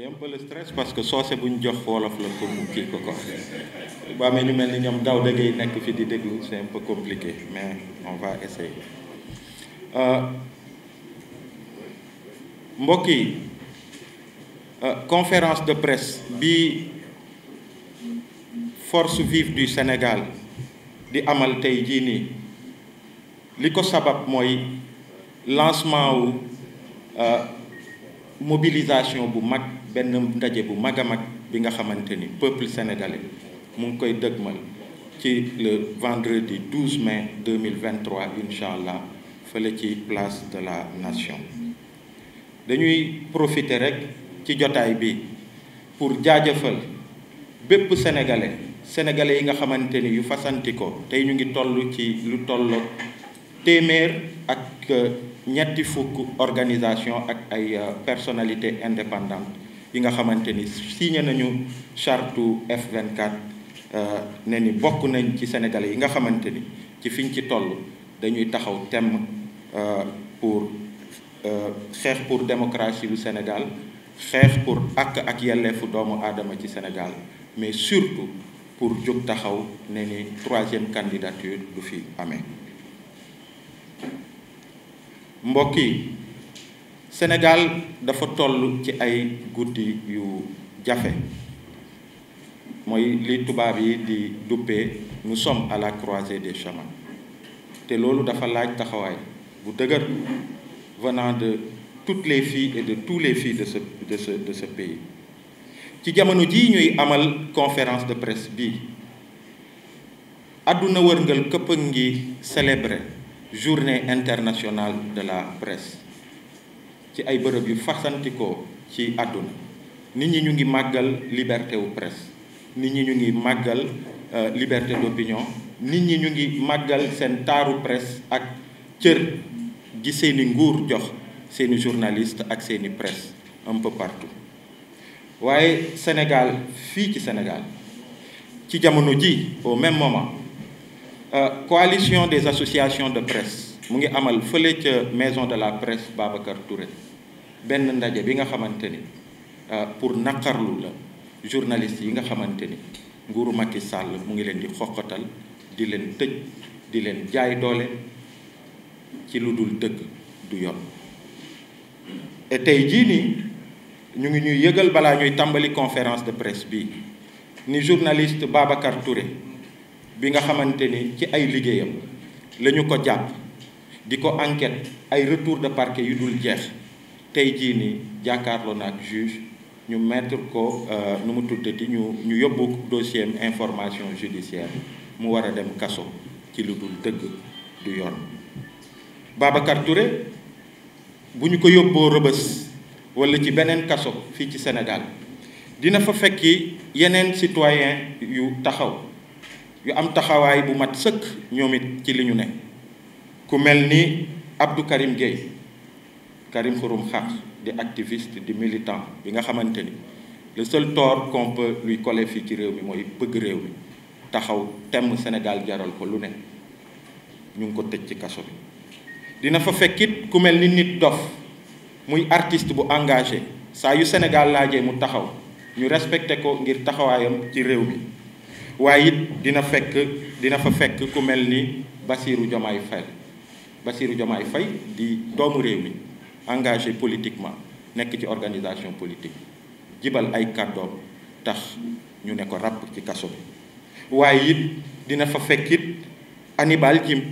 c'est un peu stress parce que soose buñ jox wolof la pour mu kii ko ko bu amee ñu mel ni ñoom daw dëgg yi nekk fi di déglu c'est un peu compliqué mais on va essayer euh, mbokk yi euh, conférence de presse bi force vive du Sénégal di amal tey jii nii li ko sabab mooy lancement wu euh, mobilisation bu mag benn ndaje bu mag a mag bi nga xamante ni peuple sénégalais mu ngi koy dëgmal ci le vendredi 12 mai 2023 incha allah fële ci place de la nation dañuy profiter rek ci jotaay bi pour jaajëfal bépp sénégalais sénégalais yi nga xamante ni yu fasanti ko tey ñu ngi toll ci lu tolloo téeméer ak euh, ñetti fukk organisation ak ay euh, personnalité indépendante yi nga xamante ni signé nañu charte F24 euh, ne ni bokk nañ ci sénégalais yi nga xamante ni ci fiñ ci toll dañuy taxaw temm euh, pour euh, xeex pour démocratie bu Sénégal xeex pour àq ak yelleefu doomu aadama ci Sénégal mais surtout pour jóg taxaw ne ni troisième candidature du fi amee mbokk yi Sénégal dafa tollu ci ay goudi yu jafé moy li tubaab yi di nous sommes à la croisée des chemins té lolu dafa laaj taxaway bu dëgër venant de toutes les filles et de tous les filles de ce de ce de ce pays ci jamono ji ñuy amal conférence de presse bi aduna wërngal këpp célébrer journée internationale de la presse ci ay bërëb yu fasantikoo ci àdduna nit ñi ñu ngi màggal liberté wu presse nit ñi ñu ngi màggal euh, liberté d'opinion nit ñi ñu ngi màggal presse ak cër gi seeni nguur jox seeni journaliste ak seeni presse un peu partout waaye Sénégal fii ci Sénégal ci jamono ji au même moment euh, coalition des associations de presse mu ngi amal fële ca maison de la presse Babacar Touré benn ndaje bi nga xamante ne euh, pour naqarlu la journaliste yi nga xamante ni nguuru Macky Sall mu ngi leen di xoqatal di leen tëj di leen jaay doole ci lu dul dëgg du yoon et tey jii nii ñu ngi ñuy yëgal balaa ñuy tàmbali conférence de presse bi ni journaliste Babacar Touré bi nga xamante ni ci ay liggéeyam lañu ko jàpp di ko enquête ay retour de parquet yu dul jeex tey jii nii jàkkaarloo na ak juge ñu metre ko euh, nu mu tuddati ñu ñu yóbbu dossier information judiciaire mu war a dem kaso ci lu dul dëgg du yoon Babacar Touré bu ñu ko yóbboo rëbës walla ci beneen kaso fii ci senegal dina fa fekki yeneen citoyen yu taxaw yu am taxawaay bu mat sëkk ñoom it ci li ñu ne ku mel ni Abdou Karim Gueye Karim Xurum Xaq di activiste di militant bi nga xamante ni le seul tort qu'on peut lui coller fii ci réew mi mooy bëgg réew mi taxaw temm Sénégal jaral ko lu ne ñu ngi ko tëj ci kaso bi dina fa fekkit ku mel ni nit dof muy artiste bu engagé saa yu Sénégal laajee mu taxaw ñu respecté ko ngir taxawaayam ci réew mi waaye it dina fekk dina fa fekk ku mel ni Bassirou Diomaye Faye Bassirou Diomaye Faye di doomu réew mi engagé politiquement nekk ci organisation politique jibal ay kàddoom tax ñu ne ko ràpp ci kaso bi waaye it dina fa fekk it Hannibal Djim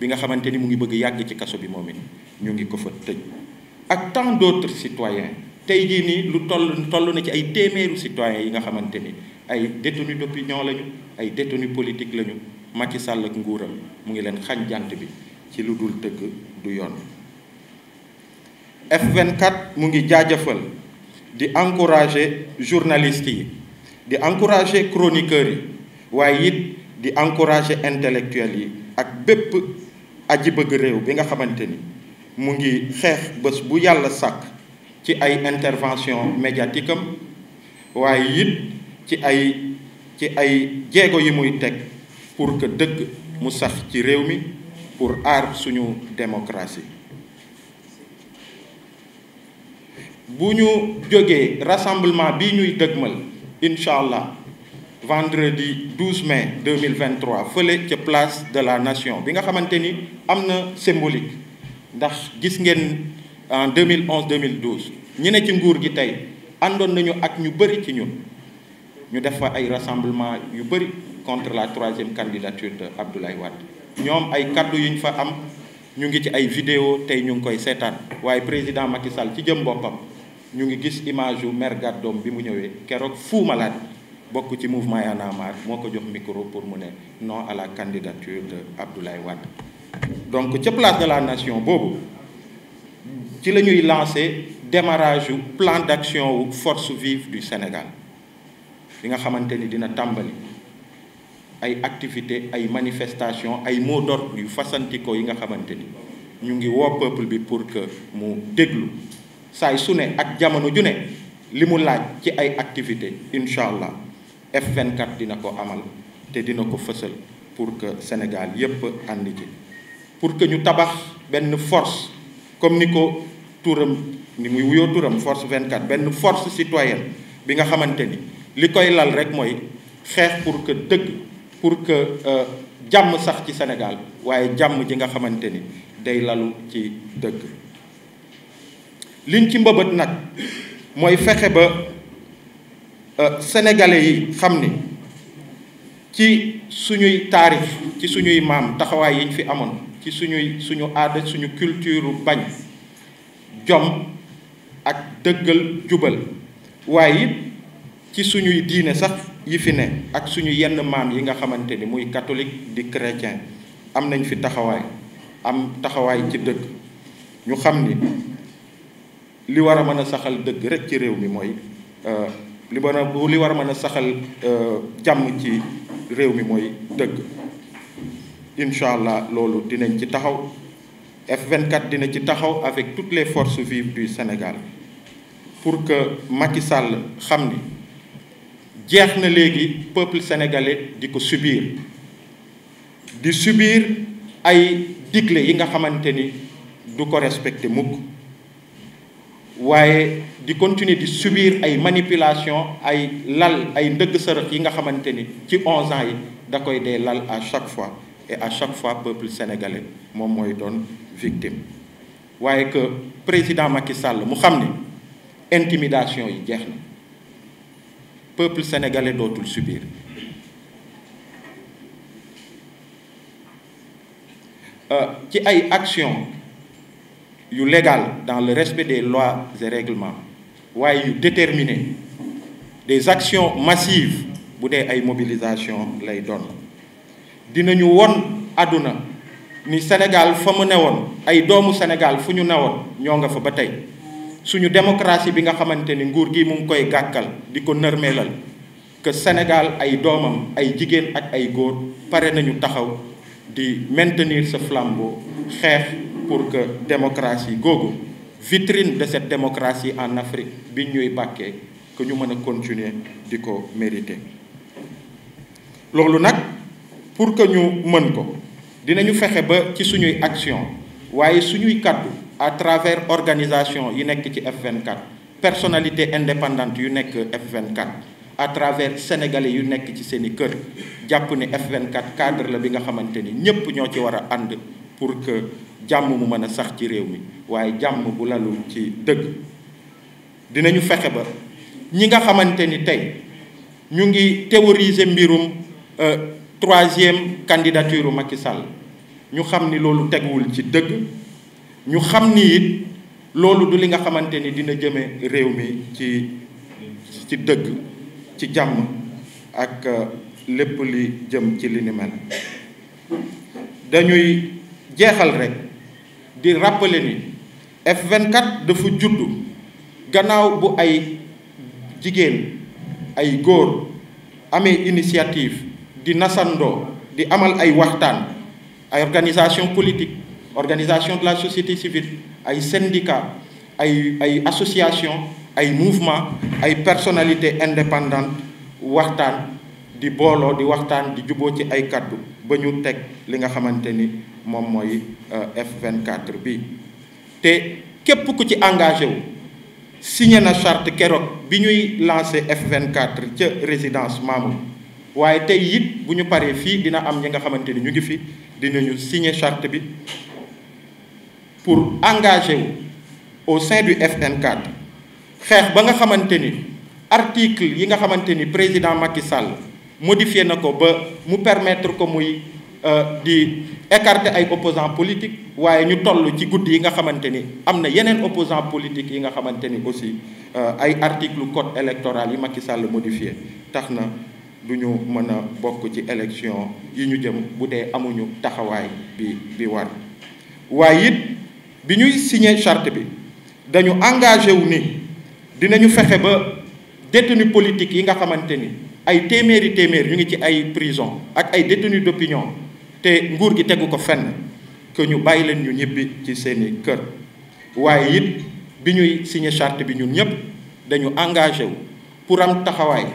bi nga xamante ni mu ngi bëgg yàgg ci kaso bi moom it ñu ngi ko fa tëj ak tant d'autres citoyens tey jii nii lu toll toll na ci ay téeméeru citoyens yi nga xamante ni ay détenus d'opinion lañu ay détenus politiques lañu Macky Sall ak nguuram mu ngi leen xañ jant bi ci lu dul dëgg du yoon F24 mu ngi jaajëfal di encourager journalistes yi di encourager chroniqueurs yi waaye it di encourager intellectuels yi ak bépp aji bëgg réew bi nga xamante ni mu ngi xeex bés bu yàlla sàkk ci ay intervention médiatique am waaye it ci ay ci ay jéego yi muy teg pour que dëgg mu sax ci réew mi pour aar suñu démocratie buñu joggé rassemblement bi ñuy dëgmal inshallah vendredi 12 mai 2023 que la place de la nation bi nga xamanteni un symbolique en 2011 2012 ñi ne ci nguur gi tey àndoon nañu ak ñu bëri ci ñun ñu def fa rassemblement contre la troisième candidature de Abdoulaye Wade nous avons kaddu am ñu ngi ci ay vidéo tey ñu koy président Macky Sall ci jëm ñu image bi mu Fou Malade ci mouvement micro pour mu non à la candidature de Abdoulaye Wade donc la place de la nation boobu ci la ñuy lancé démarrage plan d'action ou force vive du Sénégal li nga dina ay activité ay manifestation ay mot d'ordre yu fasantikoo yi nga xamante ni ñu ngi woo peuple bi pour que mu déglu saay su ne ak jamono ju ne li mu laaj ci ay activité incha allah F24 dina ko amal te dina ko fësal pour que Sénégal yépp ànd ci pour que ñu tabax benn force comme ni ko turam ni muy wuyoo turam force 24 benn force citoyenne bi nga xamante ni li koy lal rek mooy xeex pour que dëgg pour que euh, jàmm sax ci Sénégal waaye jàmm ji nga xamante ni day lalu ci dëgg liñ ci mbëbët nag mooy fexe ba euh, sénégalais yi xam ni ci suñuy taarix ci suñuy maam taxawaay yiñ fi amoon ci suñuy suñu aada suñu culture bañ jom ak dëggal jubal waaye it ci suñuy diine sax yi fi ne ak suñu yenn maam yi nga xamante ni muy katolik di chrétien am nañ fi taxawaay am taxawaay ci dëgg ñu xam ni li war a mën a saxal dëgg rek ci réew mi mooy euh, li mën a li war a mën a saxal euh, jàmm ci réew mi mooy dëgg incha allah loolu dinañ ci taxaw F24 dina ci taxaw avec toutes les forces vives du Sénégal pour que Macky xam ni jeex na léegi peuple sénégalais di ko subir di subir ay digle yi nga xamante ni du ko respecté mukk waaye di continuer di subir ay manipulation ay lal ay ndëgg sërëx yi nga xamante ni ci 11 ans yi da koy dee lal à chaque fois et à chaque fois peuple sénégalais moom mooy doon victime waaye que président Macky Sall mu xam ni intimidation yi jeex na peuple sénégalais doit tout subir qui euh, ay actions action légale dans le respect des lois et règlements ou yu déterminé des actions massives pour les mobilisations mobilisation lay doon dinañu won aduna ni Sénégal famu un ay doomu Sénégal fuñu néwon newoon ñoo nga fa batay suñu démocratie bi nga xamante ni nguur gi mu ngi koy gàkkal di ko nërmeelal que Sénégal ay doomam ay jigéen ak ay góor pare nañu taxaw di maintenir ce flambeau xeex pour que démocratie googu vitrine de cette démocratie en Afrique bi ñuy bàkkee que ñu mën a continuer di ko mériter loolu nag pour que ñu mën ko dinañu fexe ba ci suñuy action waaye suñuy kàddu à travers organisation yi nek ci F24 personnalité indépendante yu nek F24 à travers sénégalais yu nek ci seen kër jàpp F24 cadre la bi nga xamante ñepp ñëpp ñoo ci wara and pour que jamm mu mëna sax ci réew mi waye jamm bu lalul ci dëgg dinañu fexé ba ñi nga xamante tay ñu ngi théoriser mbirum euh, troisième candidature Macky Sall ñu xamni lolu téggul ci dëgg. ñu xam ni it loolu du li nga xamante ni dina jëme réew mi ci ci dëgg ci jàmm ak euh, lépp li jëm ci li ni mel dañuy jeexal rek di rappeler ni F24 dafa judd gannaaw bu ay jigéen ay góor amee initiative di nasandoo di amal ay waxtaan ay organisation politique organisation de la société civile ay syndicat ay ay association ay mouvement ay personnalité indépendante waxtaan di booloo di waxtaan di juboo ci ay kàddu ba ñu teg li nga xamante ni moom euh, F24 bi te képp qui ci engagé signer la na charte keroog bi ñuy lancé F24 ca résidence Mamou. waaye tey it bu ñu paree fii dina am ñi nga xamante ni ñu ngi fi dinañu charte bi pour engager au sein du FN4 xeex ba nga xamante ni article yi nga xamante ni président Macky Sall modifié na ko ba mu permettre ko muy euh, di écarter ay opposants politiques waaye ñu toll ci guddi yi nga xamante ni am na yeneen opposants politiques yi nga xamante ni aussi euh, ay article code électoral yi Macky Sall modifié tax na du ñu mën a bokk ci élection yi ñu jëm bu dee amuñu taxawaay bi bi war waaye it biñuy signé charte bi dañu engagé wu ni dinañu fexé ba détenu politique yi nga xamante ni ay téeméeri téeméer ñu ngi ci ay prison ak ay détenu d'opinion té nguur gi tegu ko fenn que ñu bàyyi leen ñu ñibbi ci seeni kër waaye it bi ñuy signé charte bi ñun ñëpp dañu engagé wu pour am taxawaay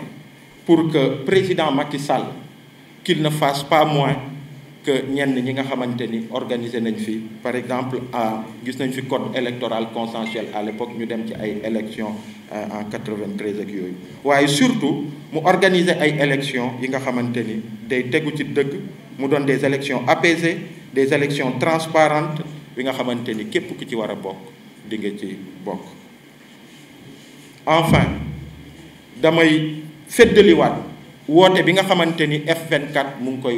pour que président Macky Sall qu'il ne fasse pas moins que ñenn ñi nga nañ fi par exemple à gis nañ fi code électoral consensuel à l'époque nous dem ci ay élections euh, en 93 ak yooyu waaye surtout mu organiser ay élections yi nga xamante ni day tegu ci dëgg mu des élections apaisées des élections transparentes yi nga xamante ni képp ku ci war a bokk di nga ci bokk enfin damay feddaliwaat woote bi nga xamante F24 mu ngi koy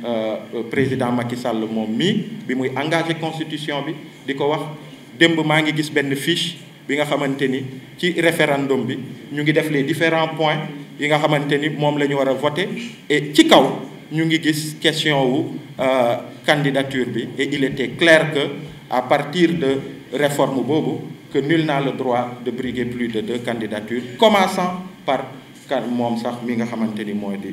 Euh, euh, président Macky Sall mom mi bi muy engagé constitution bi diko wax demb ma ngi gis ben fiche bi nga xamanteni des ci référendum bi ñu ngi def les différents points yi nga xamanteni mom lañu wara voter et ci kaw ñu ngi gis question wu euh, candidature bi et il était clair que à partir de réforme bobu que nul n'a le droit de briguer plus de deux candidatures commençant par mom sax mi nga xamanteni moy di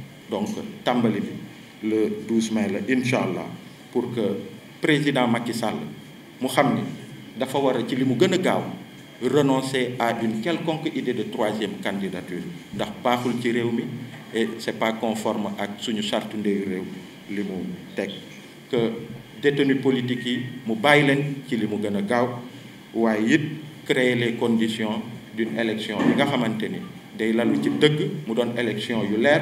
donc tambali le 12 mai inshallah, pour que président Macky Sall mu xam ni dafa war ci limu gëna renoncer à une quelconque idée de troisième candidature ndax baaxul ci réew mi et c'est pas conforme à suñu charte ndeyu réew li que détenu politique yi mu bàyyi len ci limu gëna gaaw créer les conditions d'une élection yi nga maintenir, ni day lalu ci dëgg mu don élection yu leer